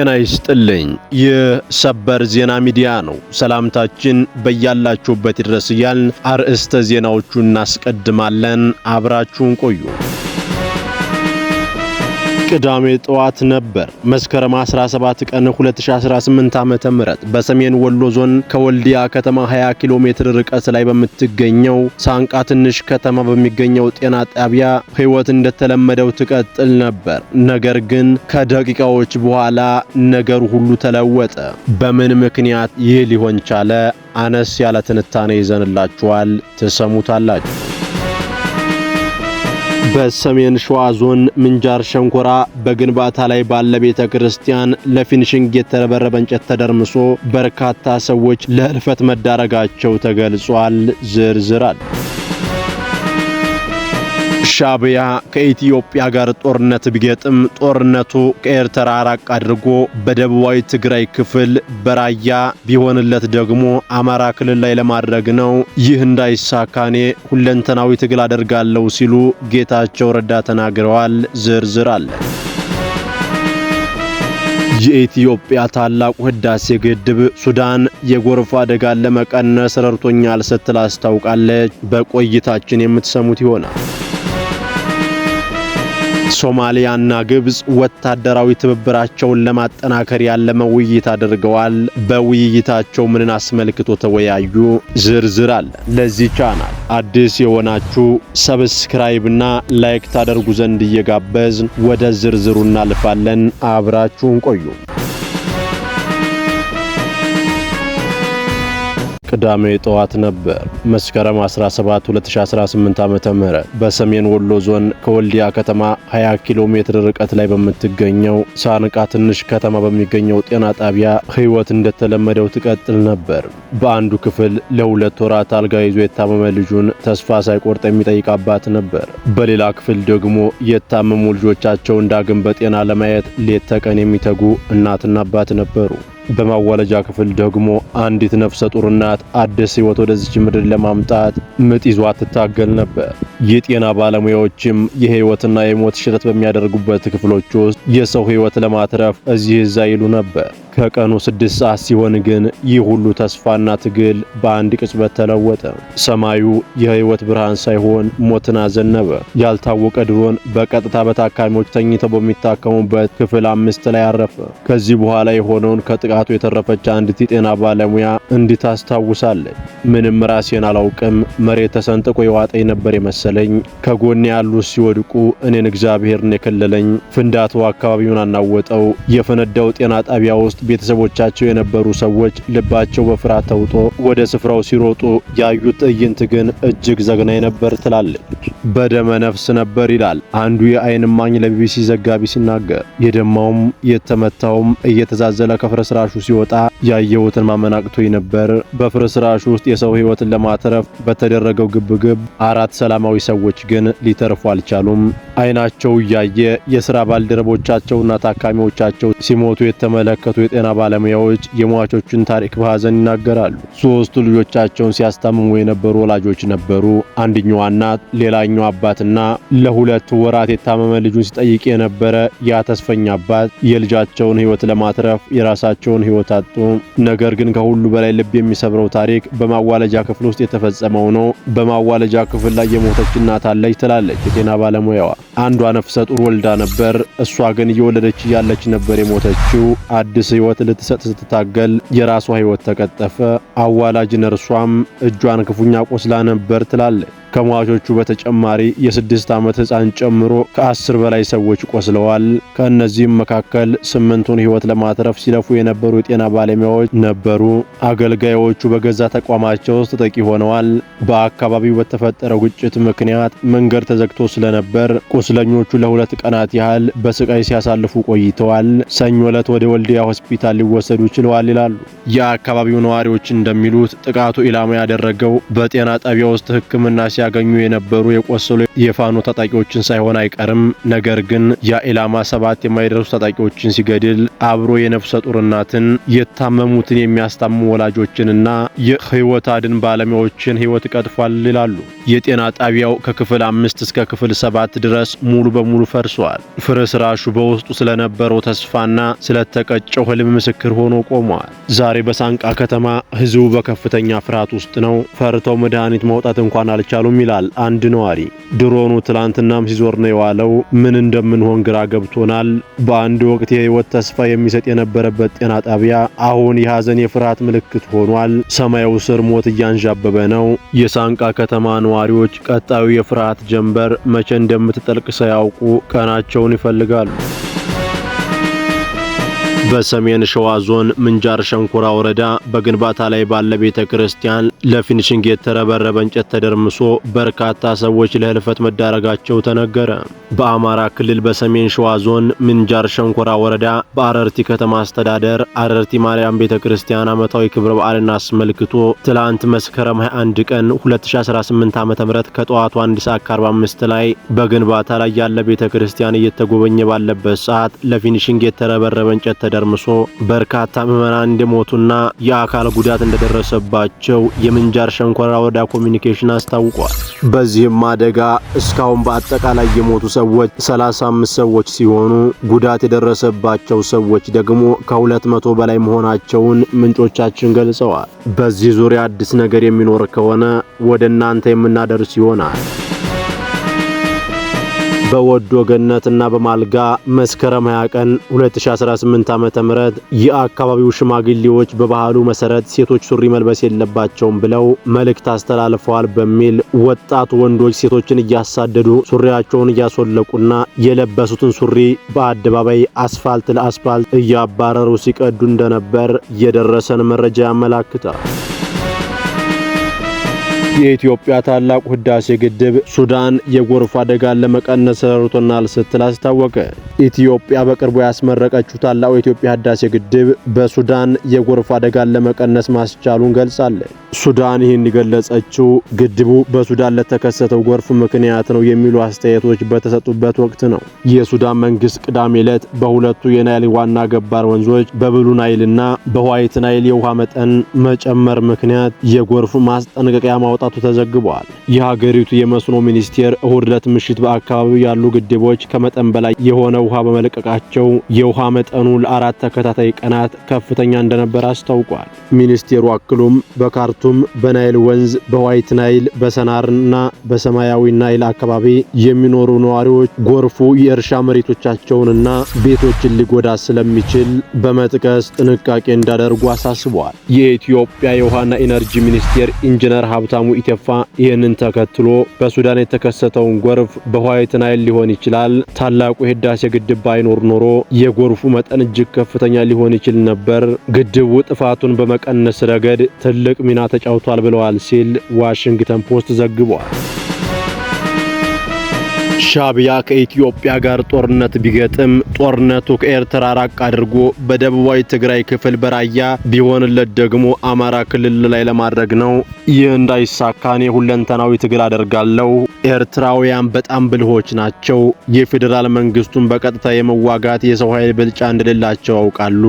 ጤና ይስጥልኝ። የሰበር ዜና ሚዲያ ነው። ሰላምታችን በያላችሁበት ይድረስ እያልን አርእስተ ዜናዎቹ እናስቀድማለን። አብራችሁን ቆዩ። ቅዳሜ ጠዋት ነበር መስከረም 17 ቀን 2018 ዓ.ም በሰሜን ወሎ ዞን ከወልዲያ ከተማ 20 ኪሎ ሜትር ርቀት ላይ በምትገኘው ሳንቃ ትንሽ ከተማ በሚገኘው ጤና ጣቢያ ህይወት እንደተለመደው ትቀጥል ነበር። ነገር ግን ከደቂቃዎች በኋላ ነገር ሁሉ ተለወጠ። በምን ምክንያት ይህ ሊሆን ቻለ? አነስ ያለ ትንታኔ ይዘንላችኋል፣ ትሰሙታላችሁ። በሰሜን ሸዋ ዞን ምንጃር ሸንኮራ በግንባታ ላይ ባለ ቤተ ክርስቲያን ለፊኒሽንግ የተረበረበ እንጨት ተደርምሶ በርካታ ሰዎች ለህልፈት መዳረጋቸው ተገልጿል። ዝርዝር አለ። ሻቢያ ከኢትዮጵያ ጋር ጦርነት ቢገጥም ጦርነቱ ከኤርትራ ራቅ አድርጎ በደቡባዊ ትግራይ ክፍል በራያ ቢሆንለት ደግሞ አማራ ክልል ላይ ለማድረግ ነው። ይህ እንዳይሳካኔ ሁለንተናዊ ትግል አደርጋለሁ ሲሉ ጌታቸው ረዳ ተናግረዋል። ዝርዝር አለ። የኢትዮጵያ ታላቁ ህዳሴ ግድብ ሱዳን የጎርፍ አደጋን ለመቀነስ ረድቶኛል ስትል አስታውቃለች። በቆይታችን የምትሰሙት ይሆናል። ሶማሊያና ግብጽ ወታደራዊ ትብብራቸውን ለማጠናከር ያለመ ውይይት አድርገዋል። በውይይታቸው ምንን አስመልክቶ ተወያዩ? ዝርዝር አለ። ለዚህ ቻናል አዲስ የሆናችሁ ሰብስክራይብና ላይክ ታደርጉ ዘንድ እየጋበዝን ወደ ዝርዝሩ እናልፋለን። አብራችሁን ቆዩ። ቅዳሜ ጠዋት ነበር መስከረም 17 2018 ም በሰሜን ወሎ ዞን ከወልዲያ ከተማ 20 ኪሎ ሜትር ርቀት ላይ በምትገኘው ሳንቃ ትንሽ ከተማ በሚገኘው ጤና ጣቢያ ህይወት እንደተለመደው ትቀጥል ነበር። በአንዱ ክፍል ለሁለት ወራት አልጋ ይዞ የታመመ ልጁን ተስፋ ሳይቆርጥ የሚጠይቅ አባት ነበር። በሌላ ክፍል ደግሞ የታመሙ ልጆቻቸውን ዳግም በጤና ለማየት ሌት ተቀን የሚተጉ እናትና አባት ነበሩ። በማዋለጃ ክፍል ደግሞ አንዲት ነፍሰ ጡር እናት አዲስ ሕይወት ወደዚች ምድር ለማምጣት ምጥ ይዟ ትታገል ነበር። የጤና ባለሙያዎችም የሕይወትና የሞት ሽረት በሚያደርጉበት ክፍሎች ውስጥ የሰው ሕይወት ለማትረፍ እዚህ እዛ ይሉ ነበር። ከቀኑ ስድስት ሰዓት ሲሆን ግን ይህ ሁሉ ተስፋና ትግል በአንድ ቅጽበት ተለወጠ። ሰማዩ የህይወት ብርሃን ሳይሆን ሞትን አዘነበ። ያልታወቀ ድሮን በቀጥታ በታካሚዎች ተኝተው በሚታከሙበት ክፍል አምስት ላይ አረፈ። ከዚህ በኋላ የሆነውን ከጥቃቱ የተረፈች አንዲት የጤና ባለሙያ እንዲህ ታስታውሳለች። ምንም ራሴን አላውቅም። መሬት ተሰንጥቆ የዋጠኝ ነበር የመሰለኝ። ከጎኔ ያሉት ሲወድቁ እኔን እግዚአብሔርን የከለለኝ። ፍንዳታው አካባቢውን አናወጠው። የፈነዳው ጤና ጣቢያ ውስጥ ቤተሰቦቻቸው የነበሩ ሰዎች ልባቸው በፍርሃት ተውጦ ወደ ስፍራው ሲሮጡ ያዩት ትዕይንት ግን እጅግ ዘግናኝ ነበር ትላለች። በደመ ነፍስ ነበር ይላል አንዱ የአይን እማኝ ለቢቢሲ ዘጋቢ ሲናገር። የደማውም የተመታውም እየተዛዘለ ከፍርስራሹ ሲወጣ ያየሁትን ማመናቅቶኝ ነበር። በፍርስራሹ ውስጥ የሰው ሕይወትን ለማትረፍ በተደረገው ግብግብ አራት ሰላማዊ ሰዎች ግን ሊተርፉ አልቻሉም። አይናቸው እያየ የስራ ባልደረቦቻቸውና ታካሚዎቻቸው ሲሞቱ የተመለከቱ የጤና ባለሙያዎች የሟቾቹን ታሪክ በሐዘን ይናገራሉ። ሶስቱ ልጆቻቸውን ሲያስታምሙ የነበሩ ወላጆች ነበሩ። አንደኛዋ እናት፣ ሌላኛው አባትና ለሁለት ወራት የታመመ ልጁን ሲጠይቅ የነበረ ያ ተስፈኛ አባት የልጃቸውን ህይወት ለማትረፍ የራሳቸውን ህይወት አጡ። ነገር ግን ከሁሉ በላይ ልብ የሚሰብረው ታሪክ በማዋለጃ ክፍል ውስጥ የተፈጸመው ነው። በማዋለጃ ክፍል ላይ የሞተች እናት አለች ትላለች የጤና ባለሙያዋ። አንዷ ነፍሰ ጡር ወልዳ ነበር። እሷ ግን እየወለደች እያለች ነበር የሞተችው አዲስ ህይወት ልትሰጥ ስትታገል የራሷ ህይወት ተቀጠፈ። አዋላጅ ነርሷም እጇን ክፉኛ ቆስላ ነበር ትላለች። ከሟቾቹ በተጨማሪ የስድስት ዓመት ሕፃን ጨምሮ ከአስር በላይ ሰዎች ቆስለዋል። ከእነዚህም መካከል ስምንቱን ሕይወት ለማትረፍ ሲለፉ የነበሩ የጤና ባለሙያዎች ነበሩ። አገልጋዮቹ በገዛ ተቋማቸው ውስጥ ተጠቂ ሆነዋል። በአካባቢው በተፈጠረው ግጭት ምክንያት መንገድ ተዘግቶ ስለነበር ቁስለኞቹ ለሁለት ቀናት ያህል በስቃይ ሲያሳልፉ ቆይተዋል። ሰኞ ዕለት ወደ ወልዲያ ሆስፒታል ሊወሰዱ ችለዋል ይላሉ። የአካባቢው ነዋሪዎች እንደሚሉት ጥቃቱ ኢላማ ያደረገው በጤና ጣቢያ ውስጥ ሕክምና ሲያገኙ የነበሩ የቆሰሉ የፋኖ ታጣቂዎችን ሳይሆን አይቀርም። ነገር ግን የኢላማ ሰባት የማይደርሱ ታጣቂዎችን ሲገድል አብሮ የነፍሰ ጡር እናትን፣ የታመሙትን የሚያስታምሙ ወላጆችንና የህይወት አድን ባለሙያዎችን ህይወት ቀጥፏል ይላሉ። የጤና ጣቢያው ከክፍል አምስት እስከ ክፍል ሰባት ድረስ ሙሉ በሙሉ ፈርሷል። ፍርስራሹ በውስጡ ስለነበረው ተስፋና ስለተቀጨው ህልም ምስክር ሆኖ ቆሟል። ዛሬ በሳንቃ ከተማ ህዝቡ በከፍተኛ ፍርሃት ውስጥ ነው። ፈርተው መድኃኒት ማውጣት እንኳን አልቻሉ። አልቻሉም ይላል አንድ ነዋሪ። ድሮኑ ትላንትናም ሲዞር ነው የዋለው። ምን እንደምንሆን ግራ ገብቶናል። በአንድ ወቅት የህይወት ተስፋ የሚሰጥ የነበረበት ጤና ጣቢያ አሁን የሀዘን የፍርሃት ምልክት ሆኗል። ሰማዩ ስር ሞት እያንዣበበ ነው። የሳንቃ ከተማ ነዋሪዎች ቀጣዩ የፍርሃት ጀንበር መቼ እንደምትጠልቅ ሳያውቁ ቀናቸውን ይፈልጋሉ። በሰሜን ሸዋ ዞን ምንጃር ሸንኮራ ወረዳ በግንባታ ላይ ባለ ቤተ ክርስቲያን ለፊኒሽንግ የተረበረበ እንጨት ተደርምሶ በርካታ ሰዎች ለህልፈት መዳረጋቸው ተነገረ። በአማራ ክልል በሰሜን ሸዋ ዞን ምንጃር ሸንኮራ ወረዳ በአረርቲ ከተማ አስተዳደር አረርቲ ማርያም ቤተ ክርስቲያን ዓመታዊ ክብረ በዓልን አስመልክቶ ትላንት መስከረም 21 ቀን 2018 ዓ.ም ከጠዋቱ 1 ሰዓት 45 ላይ በግንባታ ላይ ያለ ቤተ ክርስቲያን እየተጎበኘ ባለበት ሰዓት ለፊኒሽንግ የተረበረበ እንጨት ተደርምሶ በርካታ ምዕመናን እንደሞቱና የአካል ጉዳት እንደደረሰባቸው የምንጃር ሸንኮራ ወረዳ ኮሚኒኬሽን አስታውቋል። በዚህም አደጋ እስካሁን በአጠቃላይ የሞቱ ሰዎች 35 ሰዎች ሲሆኑ ጉዳት የደረሰባቸው ሰዎች ደግሞ ከ200 በላይ መሆናቸውን ምንጮቻችን ገልጸዋል። በዚህ ዙሪያ አዲስ ነገር የሚኖር ከሆነ ወደ እናንተ የምናደርስ ይሆናል። በወዶ ገነትና በማልጋ መስከረም 20 ቀን 2018 ዓ.ም የአካባቢው ሽማግሌዎች በባህሉ መሰረት ሴቶች ሱሪ መልበስ የለባቸውም ብለው መልእክት አስተላልፈዋል በሚል ወጣት ወንዶች ሴቶችን እያሳደዱ ሱሪያቸውን እያስወለቁና የለበሱትን ሱሪ በአደባባይ አስፋልት ለአስፋልት እያባረሩ ሲቀዱ እንደነበር የደረሰን መረጃ ያመላክታል። የኢትዮጵያ ታላቁ ህዳሴ ግድብ ሱዳን የጎርፍ አደጋን ለመቀነስ ሰርቶናል ስትል አስታወቀ። ኢትዮጵያ በቅርቡ ያስመረቀችው ታላቁ የኢትዮጵያ ህዳሴ ግድብ በሱዳን የጎርፍ አደጋን ለመቀነስ ማስቻሉን ገልጻለች። ሱዳን ይህን የገለጸችው ግድቡ በሱዳን ለተከሰተው ጎርፍ ምክንያት ነው የሚሉ አስተያየቶች በተሰጡበት ወቅት ነው። የሱዳን መንግስት ቅዳሜ ዕለት በሁለቱ የናይል ዋና ገባር ወንዞች በብሉ ናይልና በዋይት ናይል የውሃ መጠን መጨመር ምክንያት የጎርፍ ማስጠንቀቂያ ማውጣት ማውጣቱ ተዘግቧል። የሀገሪቱ የመስኖ ሚኒስቴር እሁድ ዕለት ምሽት በአካባቢው ያሉ ግድቦች ከመጠን በላይ የሆነ ውሃ በመለቀቃቸው የውሃ መጠኑ ለአራት ተከታታይ ቀናት ከፍተኛ እንደነበር አስታውቋል። ሚኒስቴሩ አክሉም በካርቱም፣ በናይል ወንዝ፣ በዋይት ናይል፣ በሰናርና በሰማያዊ ናይል አካባቢ የሚኖሩ ነዋሪዎች ጎርፉ የእርሻ መሬቶቻቸውንና ቤቶችን ሊጎዳ ስለሚችል በመጥቀስ ጥንቃቄ እንዲያደርጉ አሳስቧል። የኢትዮጵያ የውሃና ኢነርጂ ሚኒስቴር ኢንጂነር ሀብታሙ ኢቴፋ ይህንን ተከትሎ በሱዳን የተከሰተውን ጎርፍ በዋይት ናይል ሊሆን ይችላል ታላቁ የህዳሴ ግድብ ባይኖር ኖሮ የጎርፉ መጠን እጅግ ከፍተኛ ሊሆን ይችል ነበር። ግድቡ ጥፋቱን በመቀነስ ረገድ ትልቅ ሚና ተጫውቷል ብለዋል ሲል ዋሽንግተን ፖስት ዘግቧል። ሻዕቢያ ከኢትዮጵያ ጋር ጦርነት ቢገጥም ጦርነቱ ከኤርትራ ራቅ አድርጎ በደቡባዊ ትግራይ ክፍል በራያ ቢሆንለት ደግሞ አማራ ክልል ላይ ለማድረግ ነው። ይህ እንዳይሳካ እኔ ሁለንተናዊ ትግል አደርጋለሁ። ኤርትራውያን በጣም ብልሆች ናቸው። የፌዴራል መንግስቱን በቀጥታ የመዋጋት የሰው ኃይል ብልጫ እንደሌላቸው ያውቃሉ።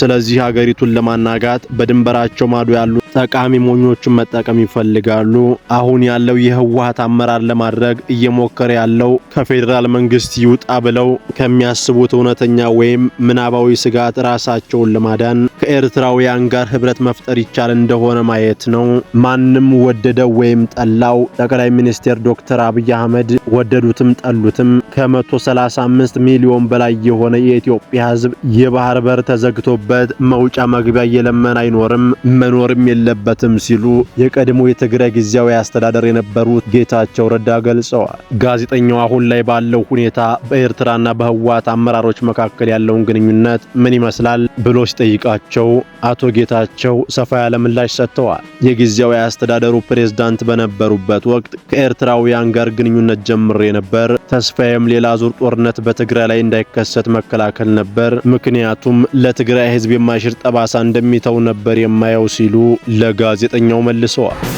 ስለዚህ ሀገሪቱን ለማናጋት በድንበራቸው ማዶ ያሉ ጠቃሚ ሞኞችን መጠቀም ይፈልጋሉ። አሁን ያለው የህወሓት አመራር ለማድረግ እየሞከረ ያለው ከፌዴራል መንግስት ይውጣ ብለው ከሚያስቡት እውነተኛ ወይም ምናባዊ ስጋት ራሳቸውን ለማዳን ከኤርትራውያን ጋር ህብረት መፍጠር ይቻል እንደሆነ ማየት ነው። ማንም ወደደው ወይም ጠላው ጠቅላይ ሚኒስትር ዶክተር አብይ አህመድ ወደዱትም ጠሉትም ከ135 ሚሊዮን በላይ የሆነ የኢትዮጵያ ህዝብ የባህር በር ተዘግቶበት መውጫ መግቢያ እየለመን አይኖርም መኖርም የለ የለበትም ሲሉ የቀድሞ የትግራይ ጊዜያዊ አስተዳደር የነበሩት ጌታቸው ረዳ ገልጸዋል። ጋዜጠኛው አሁን ላይ ባለው ሁኔታ በኤርትራና በህወሓት አመራሮች መካከል ያለውን ግንኙነት ምን ይመስላል ብሎ ሲጠይቃቸው አቶ ጌታቸው ሰፋ ያለ ምላሽ ሰጥተዋል። የጊዜያዊ አስተዳደሩ ፕሬዝዳንት በነበሩበት ወቅት ከኤርትራውያን ጋር ግንኙነት ጀምሬ ነበር። ተስፋዬም ሌላ ዙር ጦርነት በትግራይ ላይ እንዳይከሰት መከላከል ነበር፣ ምክንያቱም ለትግራይ ህዝብ የማይሽር ጠባሳ እንደሚተው ነበር የማየው ሲሉ ለጋዜጠኛው መልሰዋል።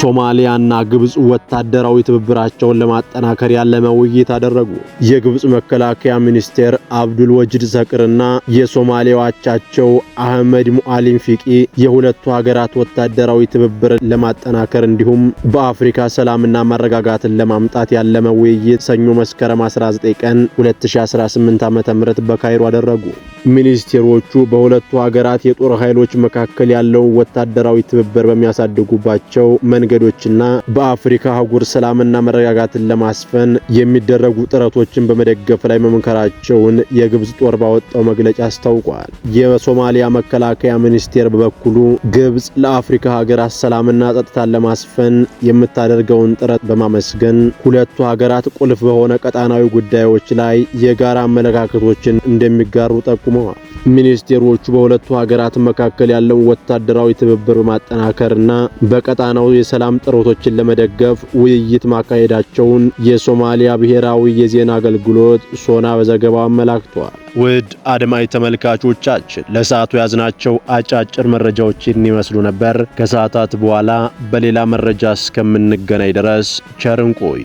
ሶማሊያና ግብጽ ወታደራዊ ትብብራቸውን ለማጠናከር ያለመ ውይይት አደረጉ። የግብጽ መከላከያ ሚኒስቴር አብዱል ወጅድ ሰቅርና የሶማሌው አቻቸው አህመድ ሙአሊም ፊቂ የሁለቱ ሀገራት ወታደራዊ ትብብር ለማጠናከር እንዲሁም በአፍሪካ ሰላምና መረጋጋትን ለማምጣት ያለመ ውይይት ሰኞ መስከረም 19 ቀን 2018 ዓ.ም በካይሮ አደረጉ። ሚኒስቴሮቹ በሁለቱ ሀገራት የጦር ኃይሎች መካከል ያለውን ወታደራዊ ትብብር በሚያሳድጉባቸው መን መንገዶችና በአፍሪካ አህጉር ሰላምና መረጋጋትን ለማስፈን የሚደረጉ ጥረቶችን በመደገፍ ላይ መምከራቸውን የግብጽ ጦር ባወጣው መግለጫ አስታውቋል። የሶማሊያ መከላከያ ሚኒስቴር በበኩሉ ግብጽ ለአፍሪካ ሀገራት ሰላምና ጸጥታን ለማስፈን የምታደርገውን ጥረት በማመስገን ሁለቱ ሀገራት ቁልፍ በሆነ ቀጣናዊ ጉዳዮች ላይ የጋራ አመለካከቶችን እንደሚጋሩ ጠቁመዋል። ሚኒስቴሮቹ በሁለቱ ሀገራት መካከል ያለውን ወታደራዊ ትብብር በማጠናከርና በቀጣናው የሰላም ጥረቶችን ለመደገፍ ውይይት ማካሄዳቸውን የሶማሊያ ብሔራዊ የዜና አገልግሎት ሶና በዘገባው አመላክቷል። ውድ አድማጭ ተመልካቾቻችን ለሰዓቱ ያዝናቸው አጫጭር መረጃዎች ይመስሉ ነበር። ከሰዓታት በኋላ በሌላ መረጃ እስከምንገናኝ ድረስ ቸርን ቆይ